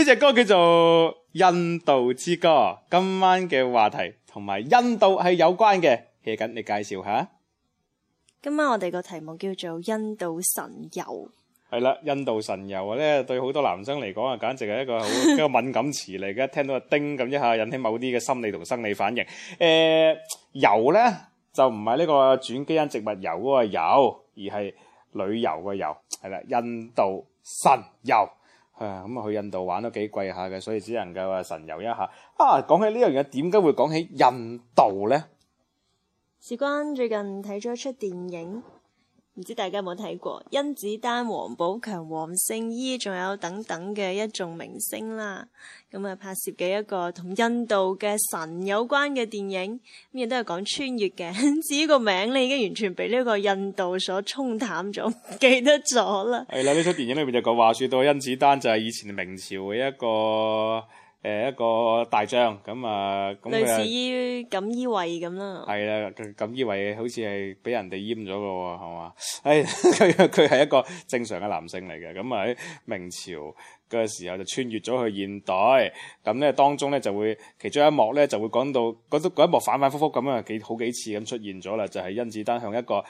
呢隻歌叫做《印度之歌》。今晚嘅話題同埋印度係有關嘅，謝瑾，你介紹下。今晚我哋個題目叫做《印度神遊》。係啦，《印度神遊》咧，對好多男生嚟講啊，簡直係一個好一個敏感詞嚟。而 聽到一個叮咁一下，引起某啲嘅心理同生理反應。誒、欸，遊咧就唔係呢個轉基因植物油個油，而係旅遊個遊。係啦，《印度神遊》。啊，咁啊去印度玩都幾貴下嘅，所以只能夠啊神遊一下。啊，講起呢樣嘢，點解會講起印度咧？事關最近睇咗一出電影。唔知大家有冇睇過甄子丹、王寶強、黃聖依，仲有等等嘅一眾明星啦，咁、嗯、啊拍攝嘅一個同印度嘅神有關嘅電影，乜嘢都係講穿越嘅。至於個名咧，已經完全俾呢個印度所沖淡咗，唔記得咗啦。係啦，呢出電影裏面就講話，說到甄子丹就係以前明朝嘅一個。誒，一個大將咁啊，咁類似於錦衣衛咁啦，係啦，錦衣衛好似係俾人哋閹咗嘅，係嘛？誒， 佢佢係一個正常嘅男性嚟嘅，咁啊喺明朝嘅時候就穿越咗去現代，咁咧當中咧就會其中一幕咧就會講到嗰嗰一幕反反復複咁啊幾好幾次咁出現咗啦，就係、是、甄子丹向一個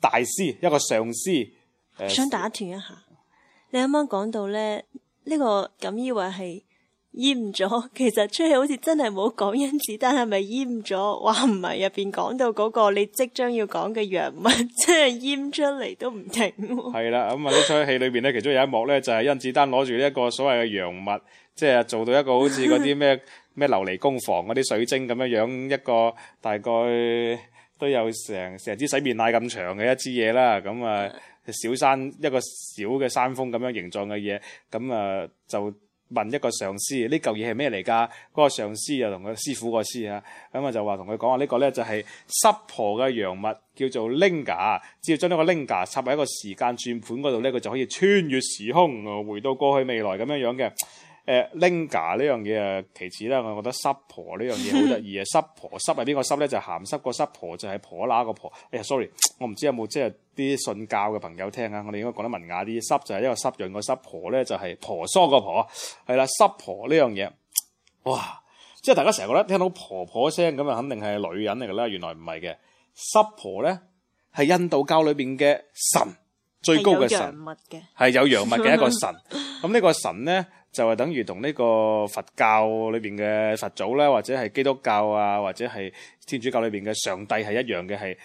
大師一個上司想打斷一下，啊、你啱啱講到咧呢、這個錦衣衛係。淹咗，其實出戲好似真係冇講甄子丹係咪淹咗？哇唔係入邊講到嗰個你即將要講嘅藥物，即係淹出嚟都唔停。係啦，咁啊，呢出戲裏邊咧，其中有一幕咧，就係、是、甄子丹攞住呢一個所謂嘅藥物，即、就、係、是、做到一個好似嗰啲咩咩琉璃工房嗰啲水晶咁樣樣一個大概都有成成支洗面奶咁長嘅一支嘢啦。咁啊，小山 一個小嘅山峰咁樣形狀嘅嘢，咁啊就。問一個上司：呢嚿嘢係咩嚟㗎？嗰、那個上司啊同佢師傅個師啊，咁、嗯、啊就話同佢講話呢個咧就係濕婆嘅陽物，叫做 linga。只要將呢個 linga 插喺一個時間轉盤嗰度咧，佢就可以穿越時空，回到過去未來咁樣樣嘅。誒，linga 呢樣嘢啊，其次啦，我覺得濕婆， 濕婆濕濕呢樣嘢好得意啊。濕婆濕係邊個濕咧？就鹹濕個濕婆就係、是、婆乸個婆。哎呀，sorry，我唔知有冇即係啲信教嘅朋友聽啊。我哋應該講得文雅啲。濕就係一個濕潤個濕婆咧，就係、是、婆娑個婆。係啦，濕婆呢樣嘢，哇！即係大家成日覺得聽到婆婆聲咁啊，肯定係女人嚟噶啦，原來唔係嘅。濕婆咧係印度教裏邊嘅神。最高嘅神，係有陽物嘅一個神。咁呢個神咧，就係等於同呢個佛教裏邊嘅佛祖啦，或者係基督教啊，或者係天主教裏邊嘅上帝係一樣嘅，係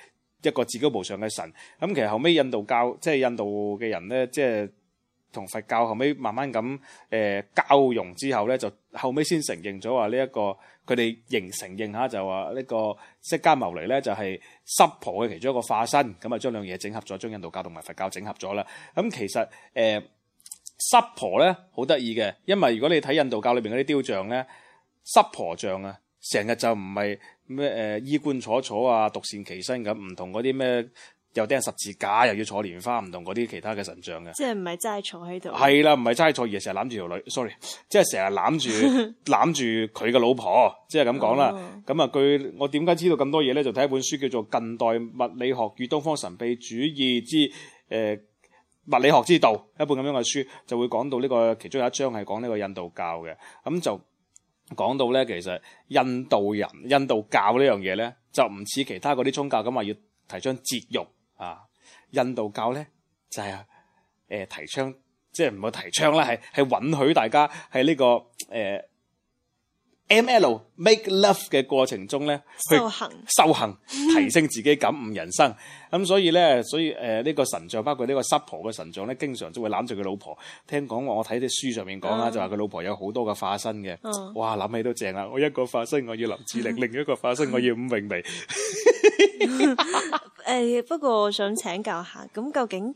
一個至高無上嘅神。咁其實後尾印度教，即係印度嘅人咧，即係。同佛教後尾慢慢咁誒交融之後咧，就後尾先承認咗話呢一個佢哋仍承認吓就話呢個釋迦牟尼咧就係、是、濕婆嘅其中一個化身，咁啊將兩嘢整合咗，將印度教同埋佛教整合咗啦。咁、嗯、其實誒濕、呃、婆咧好得意嘅，因為如果你睇印度教裏邊嗰啲雕像咧，濕婆像啊成日就唔係咩誒衣冠楚楚啊獨善其身咁，唔同嗰啲咩。又掟十字架，又要坐蓮花，唔同嗰啲其他嘅神像嘅，即係唔係齋坐喺度，係啦，唔係齋坐，而係成日攬住條女，sorry，即係成日攬住攬住佢嘅老婆，即係咁講啦。咁、哦、啊，佢我點解知道咁多嘢咧？就睇一本書叫做《近代物理學與東方神秘主義之誒、呃、物理學之道》，一本咁樣嘅書，就會講到呢、呢個其中有一章係講呢個印度教嘅。咁就講到咧，其實印度人、印度教呢樣嘢咧，就唔似其他嗰啲宗教咁話要提倡節慾。啊，印度教咧就係、是、誒、呃、提倡，即係唔好提倡啦，係係允許大家喺呢、這個誒、呃、M L make love 嘅過程中咧修行修行，提升自己感悟人生。咁所以咧，所以誒呢以、呃這個神像，包括呢個濕婆嘅神像咧，經常都會攬住佢老婆。聽講話我睇啲書上面講啦，就話佢老婆有好多嘅化身嘅、啊。哇，諗起都正啊！我一個化身我要林志玲， 另一個化身我要伍詠薇。 誒、 哎，不過我想請教下，咁究竟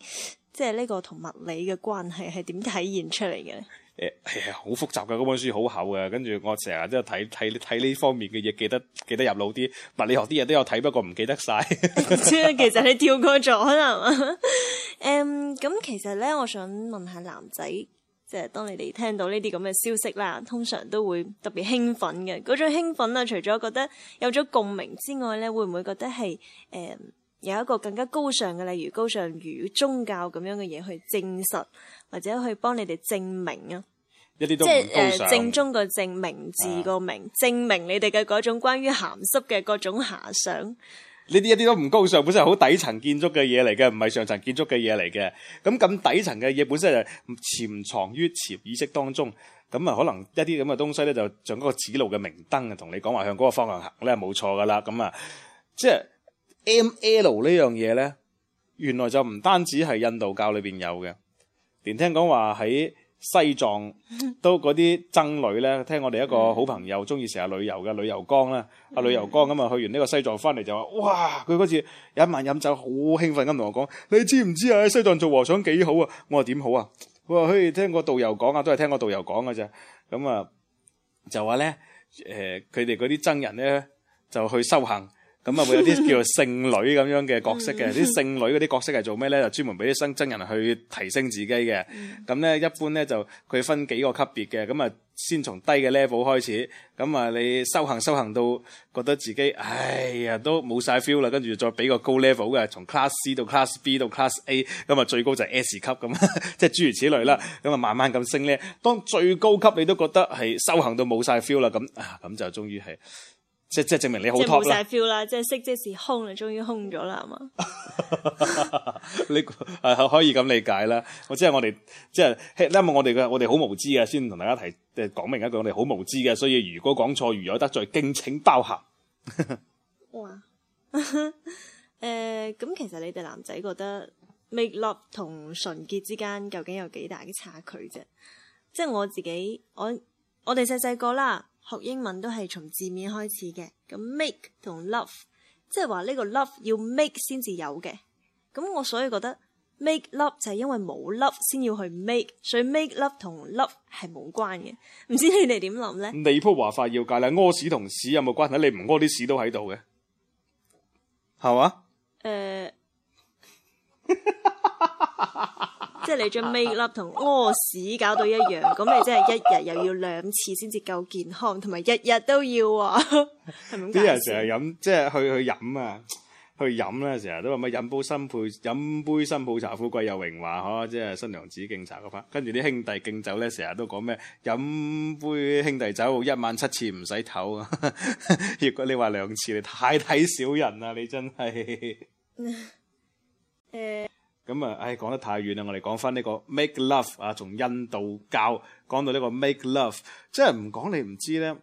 即係呢個同物理嘅關係係點體現出嚟嘅咧？誒、哎、係、哎、好複雜㗎，嗰本書好厚嘅，跟住我成日即係睇睇睇呢方面嘅嘢，記得記得入腦啲。物理學啲嘢都有睇，不過唔記得晒。 其實你跳過咗可能誒，咁、 嗯、其實咧，我想問下男仔。即係當你哋聽到呢啲咁嘅消息啦，通常都會特別興奮嘅。嗰種興奮啊，除咗覺得有咗共鳴之外咧，會唔會覺得係誒有一個更加高尚嘅，例如高尚如宗教咁樣嘅嘢去證實或者去幫你哋證明啊？一啲都唔高尚。即係誒正宗個證明字個明，證明你哋嘅嗰種關於鹹濕嘅各種遐想。呢啲一啲都唔高尚，本身係好底層建築嘅嘢嚟嘅，唔係上層建築嘅嘢嚟嘅。咁咁底層嘅嘢本身就潛藏於潛意識當中，咁啊可能一啲咁嘅東西咧，就像嗰個指路嘅明燈啊，同你講話向嗰個方向行咧，冇錯噶啦。咁啊，即係 ML 呢樣嘢咧，原來就唔單止係印度教裏邊有嘅，連聽講話喺。西藏都嗰啲僧侶咧，聽我哋一個好朋友中意成日旅遊嘅旅遊江啦，阿旅遊江咁啊去完呢個西藏翻嚟就話，哇！佢嗰次飲晚飲酒好興奮咁同我講，你知唔知啊？喺西藏做和尚幾好啊？我話點好啊？佢話去，聽個導遊講啊，都係聽個導遊講噶咋。咁啊就話咧，誒，佢哋嗰啲僧人咧就去修行。咁啊，會有啲叫做聖女咁樣嘅角色嘅，啲聖女嗰啲角色係做咩咧？就專門俾啲新僧人去提升自己嘅。咁咧，一般咧就佢分幾個級別嘅。咁啊，先從低嘅 level 開始。咁啊，你修行修行到覺得自己唉呀都冇晒 feel 啦，跟住再俾個高 level 嘅，從 class C 到 class B 到 class A，咁啊最高就係 S 級咁，即係諸如此類啦。咁啊，慢慢咁升咧，嗯。當最高級你都覺得係修行到冇晒 feel 啦，咁啊咁就終於係。即即證明你好，即冇晒 feel 啦！即色即是空啊，終於空咗啦，係嘛？你可以咁理解啦。我即係我哋，即係因為我哋嘅，我哋好無知嘅，先同大家提誒講明一句，我哋好無知嘅，所以如果講錯，如有得罪，敬請包涵。 哇！誒、 呃，咁其實你哋男仔覺得，make love 同純潔之間究竟有幾大嘅差距啫？即係我自己，我我哋細細個啦。學英文都係從字面開始嘅，咁 make 同 love，即係話呢個 love 要 make 先至有嘅，咁我所以覺得 make love 就係因為冇 love 先要去 make，所以 make love 同 love 係冇關嘅，唔知你哋點諗呢？你鋪話法要介啦，屙屎同屎有冇關係？你唔屙啲屎都喺度嘅，係嘛？誒、呃。 即係你將 makeup 同屙屎搞到一樣，咁你真係一日又要兩次先至夠健康，同埋日日都要啊！啲人成日飲，即係去去飲啊，去飲咧成日都話咪飲杯新配，飲杯新抱茶，富貴又榮華吓，即係新娘子敬茶嗰翻。跟住啲兄弟敬酒咧，成日都講咩飲杯兄弟酒，一晚七次唔使唞。如果你話兩次，你太睇小人啦，你真係誒。 呃咁啊，唉，講得太遠啦！我哋講翻呢個 make love 啊，從印度教講到呢個 make love，即係唔講你唔知咧，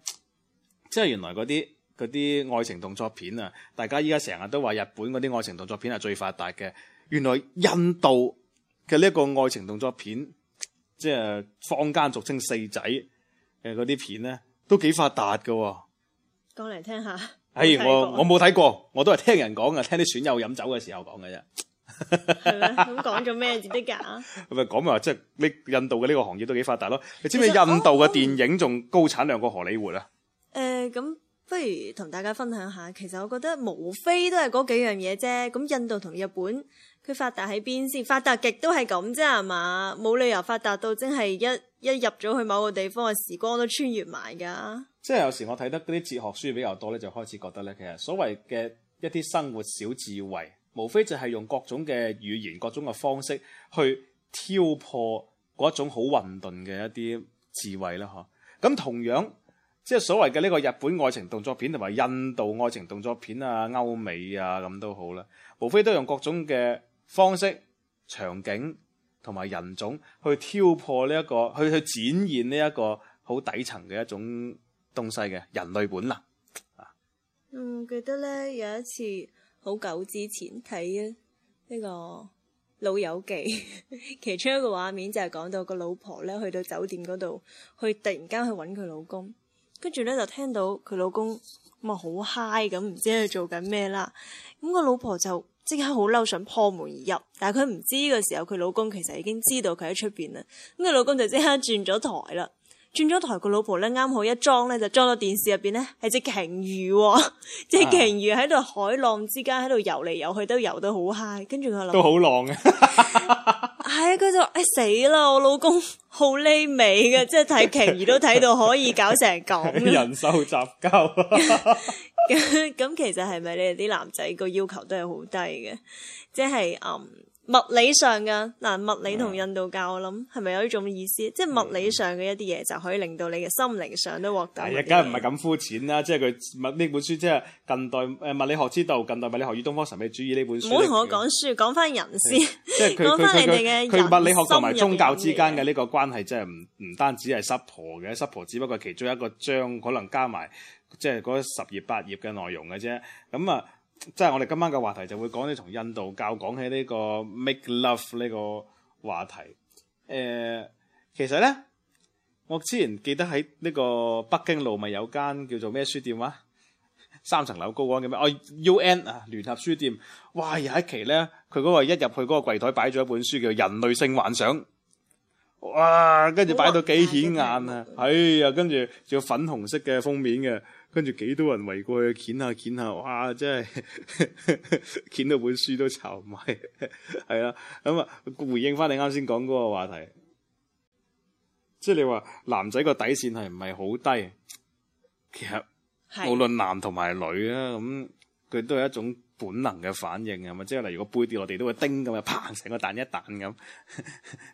即係原來嗰啲嗰啲愛情動作片啊，大家依家成日都話日本嗰啲愛情動作片係最發達嘅，原來印度嘅呢個愛情動作片，即係坊間俗稱四仔嘅嗰啲片咧，都幾發達喎。講嚟聽下，哎，我我冇睇過，我都係聽人講嘅，聽啲損友飲酒嘅時候講嘅啫。咁講咗咩至得噶？咁係講咪話，即係你印度嘅呢個行業都幾發達咯。你知唔知印度嘅電影仲、哦、高產量過荷里活啊？誒、呃，咁不如同大家分享下。其實我覺得無非都係嗰幾樣嘢啫。咁印度同日本，佢發達喺邊先？發達極都係咁啫，係嘛？冇理由發達到真係一一入咗去某個地方嘅時光都穿越埋噶。即係有時我睇得嗰啲哲學書比較多咧，就開始覺得咧，其實所謂嘅一啲生活小智慧。無非就係用各種嘅語言、各種嘅方式去挑破嗰一種好混沌嘅一啲智慧啦，嗬。咁同樣，即係所謂嘅呢個日本愛情動作片同埋印度愛情動作片啊、歐美啊咁都好啦，無非都用各種嘅方式、場景同埋人種去挑破呢一個，去去展現呢一個好底層嘅一種東西嘅人類本能啊。嗯，記得咧有一次。好久之前睇啊，呢個《老友記》，其中一個畫面就係講到個老婆咧去到酒店嗰度，去突然間去搵佢老公，跟住咧就聽到佢老公咪好嗨咁，唔知喺度做緊咩啦。咁個老婆就即刻好嬲，想破門而入，但係佢唔知呢個時候佢老公其實已經知道佢喺出邊啦。咁佢老公就即刻轉咗台啦。轉咗台個老婆咧，啱好一裝咧，就裝到電視入邊咧係隻鯨魚，隻鯨魚喺度海浪之間喺度游嚟游去，都游得好嗨，跟住佢諗都好浪嘅， 係佢就誒死啦！我老公好匿味嘅， 即係睇鯨魚都睇到可以搞成咁 人獸雜交咁咁，其實係咪你哋啲男仔個要求都係好低嘅？即係嗯。物理上嘅嗱、啊，物理同印度教，嗯、我諗係咪有呢種意思？嗯、即係物理上嘅一啲嘢，就可以令到你嘅心靈上都獲得。啊，梗係唔係咁膚淺啦！即係佢物呢本書即係近代誒物理學之道，近代物理學與東方神秘主義呢本書。唔好同我講書，講翻人先、嗯。即係你哋嘅。佢物理學同埋宗教之間嘅呢個關係，真係唔唔單止係濕婆嘅濕婆只不過其中一個章，可能加埋即係嗰十頁八頁嘅內容嘅啫。咁啊。即係我哋今晚嘅話題就會講呢從印度教講起呢個 make love 呢個話題。呃，其實咧，我之前記得喺呢個北京路咪有間叫做咩書店哇，三層樓高嘅叫咩哦 U N 啊聯合書店。哇，有一期咧，佢嗰個一入去嗰個櫃台擺咗一本書叫《人類性幻想》。哇，跟住擺到幾顯眼啊！哎呀，跟住仲粉紅色嘅封面嘅。跟住幾多人圍過去，鉗下鉗下，哇！真係鉗到本書都巢埋，係啦咁啊。回應翻你啱先講嗰個話題，即係你話男仔個底線係唔係好低？其實無論男同埋女啊，咁、嗯、佢都係一種本能嘅反應，係、嗯、嘛即係例如個杯跌落地都會叮咁，又嘭成個蛋一彈咁。咁、嗯嗯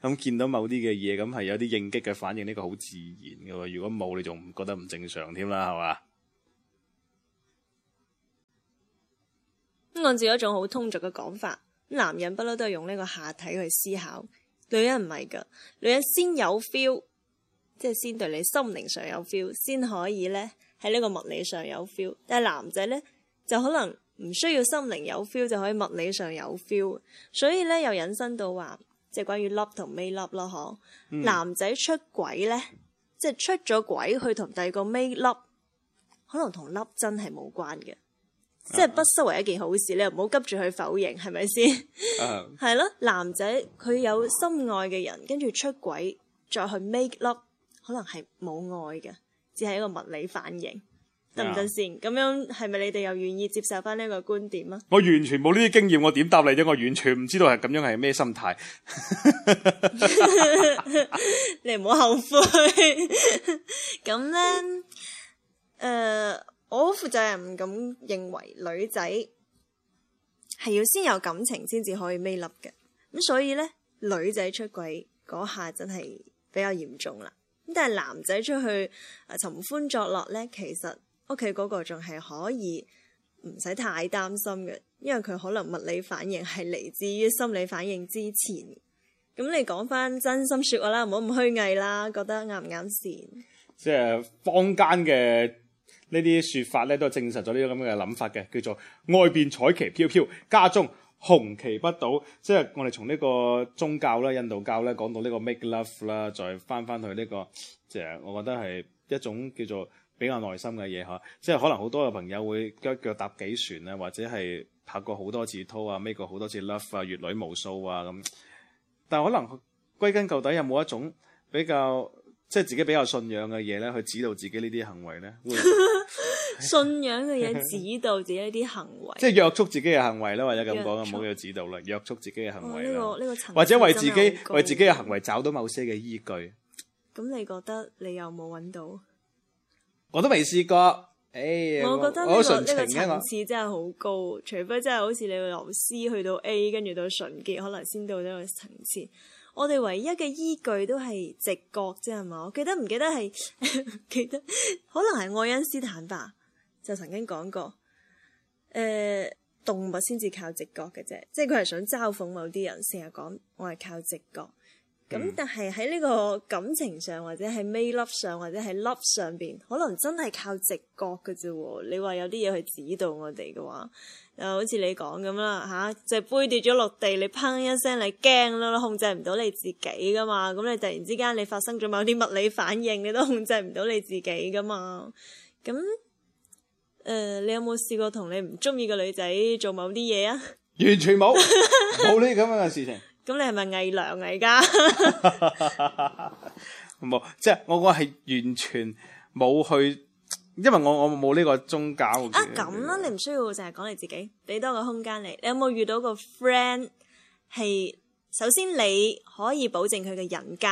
嗯、見到某啲嘅嘢，咁、嗯、係有啲應激嘅反應，呢、這個好自然噶。如果冇，你仲覺得唔正常添啦，係嘛？按照一種好通俗嘅講法，男人不嬲都係用呢個下體去思考，女人唔係噶，女人先有 feel，即係先對你心靈上有 feel，先可以呢喺呢個物理上有 feel。但係男仔呢，就可能唔需要心靈有 feel 就可以物理上有 feel，所以呢，又引申到話，即係關於 love 同 make love 咯，嗬、嗯。男仔出軌呢，即係出咗軌去同第二個 make love，可能同 love 真係冇關嘅。即係不失為一件好事，你又唔好急住去否認，係咪先？係咯，uh-huh，男仔佢有心愛嘅人，跟住出軌再去 make love，可能係冇愛嘅，只係一個物理反應，得唔得先？咁樣係咪你哋又願意接受翻呢個觀點啊？我完全冇呢啲經驗，我點答你啫？我完全唔知道係咁樣係咩心態， 你唔好後悔。咁 咧，誒、呃。我好負責任咁認為女仔係要先有感情先至可以孭笠嘅，咁所以呢，女仔出軌嗰下真係比較嚴重啦。咁但係男仔出去尋歡作樂呢，其實屋企嗰個仲係可以唔使太擔心嘅，因為佢可能物理反應係嚟自於心理反應之前。咁你講翻真心說話啦，唔好咁虛偽啦，覺得啱唔啱先？即係坊間嘅，呢啲說法咧都證實咗呢種咁嘅諗法嘅，叫做外邊彩旗飄飄，家中紅旗不倒。即係我哋從呢個宗教啦、印度教咧講到呢個 make love 啦，再翻翻去呢個，即係我覺得係一種叫做比較耐心嘅嘢吓。即係可能好多嘅朋友會腳腳踏幾船啊，或者係拍過好多次拖啊，make 過好多次 love 啊，閱女無數啊咁。但係可能歸根究底，有冇一種比較？即係自己比較信仰嘅嘢咧，去指導自己呢啲行為咧。會 信仰嘅嘢指導自己呢啲行為， 即係約束自己嘅行為啦，或者咁講，唔好又指導啦，約束自己嘅行為呢、哦這個呢、這個或者為自己為自己嘅行為找到某些嘅依據。咁你覺得你有冇揾到？我都未試過。誒、哎，我覺得呢、這個層、這個、次真係好高，除非真係好似你羅斯去到 A，跟住到純潔，可能先到呢個層次。我哋唯一嘅依據都係直覺啫，係嘛？我記得唔記得係 記得，可能係愛因斯坦吧，就曾經講過，誒、呃，動物先至靠直覺嘅啫，即係佢係想嘲諷某啲人，成日講我係靠直覺。咁、嗯、但係喺呢個感情上，或者係 make love 上，或者係 love 上邊，可能真係靠直覺㗎啫喎。你話有啲嘢去指導我哋嘅話，就好似你講咁啦吓，就隻杯跌咗落地，你砰一聲，你驚啦，控制唔到你自己噶嘛。咁你突然之間你發生咗某啲物理反應，你都控制唔到你自己噶嘛。咁誒、呃，你有冇試過同你唔中意嘅女仔做某啲嘢啊？完全冇，冇呢咁樣嘅事情。咁你係咪偽娘嚟噶？冇， 即、就、係、是、我個係完全冇去，因為我我冇呢個宗教嘅。啊，咁啦、嗯，你唔需要淨係講你自己，俾多個空間你。你有冇遇到個 friend 係？首先你可以保證佢嘅人格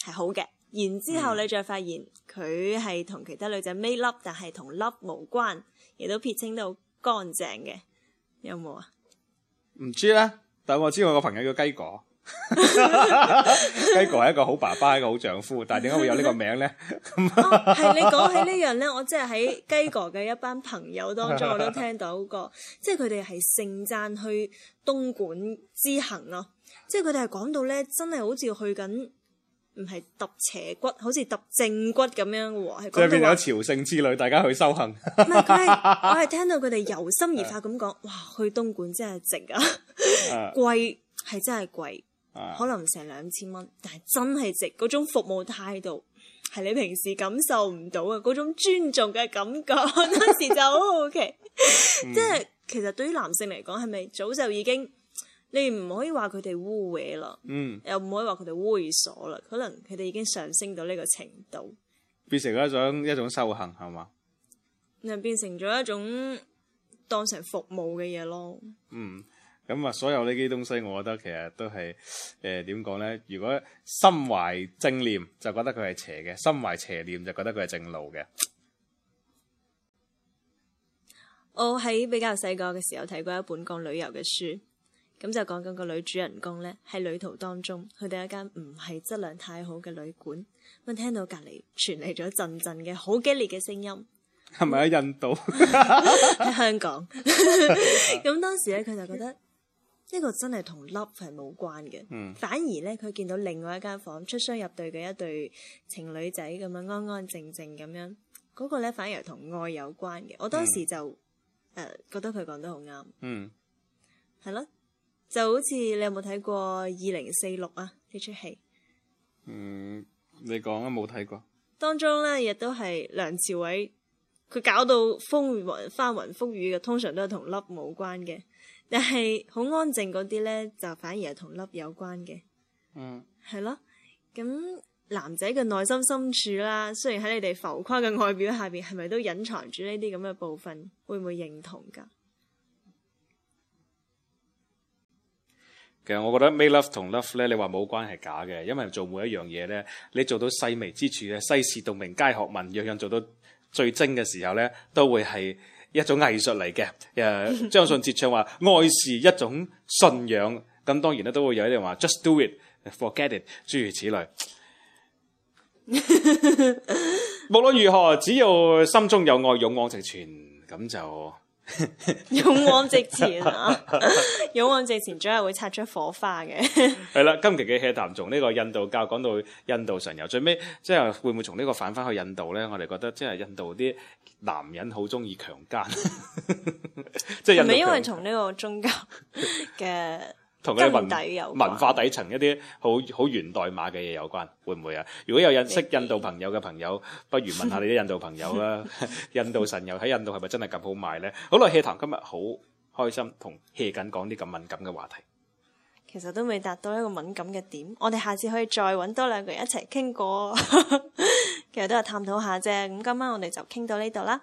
係好嘅，然之後你再發現佢係同其他女仔 make love 但係同 love 無關，亦都撇清到乾淨嘅，有冇啊？唔知啦。但我知道我個朋友叫雞哥，雞哥係一個好爸爸，一個好丈夫，但係點解會有呢個名咧？係、 哦、你講起呢樣咧，我即係喺雞哥嘅一班朋友當中，我都聽到過，即係佢哋係盛讚去東莞之行咯，即係佢哋係講到咧，真係好似去緊。唔係揼斜骨，好似揼正骨咁樣喎，係即係變咗朝聖之旅，大家去修行。唔係佢係，我係聽到佢哋由心而發咁講，哇！去東莞真係值啊，貴 係真係貴， 可能成兩千蚊，但係真係值。嗰種服務態度係你平時感受唔到嘅，嗰種尊重嘅感覺，當 時 就好好奇。即係其實對於男性嚟講，係咪早就已經？你唔可以話佢哋污穢啦，嗯，又唔可以話佢哋猥瑣啦。可能佢哋已經上升到呢個程度，變成了一種一種修行，係嘛？又變成咗一種當成服務嘅嘢咯。嗯，咁啊，所有呢啲東西，我覺得其實都係誒點講咧？如果心懷正念，就覺得佢係邪嘅；心懷邪念，就覺得佢係正路嘅。我喺比較細個嘅時候睇過一本講旅遊嘅書。咁就講緊個女主人公咧，喺旅途當中去到一間唔係質量太好嘅旅館，咁聽到隔籬傳嚟咗陣陣嘅好激烈嘅聲音，係咪喺印度？喺 香港咁 當時咧，佢就覺得呢、這個真係同 love 係冇關嘅，嗯，反而咧佢見到另外一間房出雙入對嘅一對情侶仔咁樣安安靜靜咁樣，嗰、那個咧反而係同愛有關嘅。我當時就誒、嗯呃、覺得佢講得好啱，嗯，係咯。就好似你有冇睇過《二零四六》啊？呢出戲，嗯，你講啊，冇睇過。當中咧亦都係梁朝偉，佢搞到風雲翻雲覆雨嘅，通常都係同粒冇關嘅。但係好安靜嗰啲咧，就反而係同粒有關嘅。嗯，係咯。咁男仔嘅內心深處啦，雖然喺你哋浮誇嘅外表下邊，係咪都隱藏住呢啲咁嘅部分？會唔會認同噶？其實我覺得 make love 同 love 咧，你話冇關係假嘅，因為做每一樣嘢咧，你做到細微之處嘅，世事洞明皆學問，樣樣做到最精嘅時候咧，都會係一種藝術嚟嘅。誒， 張信哲唱話，愛是一種信仰，咁當然咧都會有人話 just do it，forget it，諸如此類。 無論如何，只要心中有愛，勇往直前，咁就。勇往直前啊！勇往直前，總 係會擦出火花嘅。係啦，今期嘅 HEA 談從呢個印度教講到印度神遊，最尾即係會唔會從呢個反翻去印度咧？我哋覺得即係印度啲男人好中意強奸，即係唔係因為從呢個宗教嘅。同佢文文化底層一啲好好源代碼嘅嘢有關，會唔會啊？如果有印識印度朋友嘅朋友，不如問下你啲印度朋友啦。印度神油喺印度係咪真係咁好賣咧？好啦，謝堂今日好開心同謝緊講啲咁敏感嘅話題。其實都未達到一個敏感嘅點，我哋下次可以再揾多兩個人一齊傾過，其實都係探討下啫。咁今晚我哋就傾到呢度啦。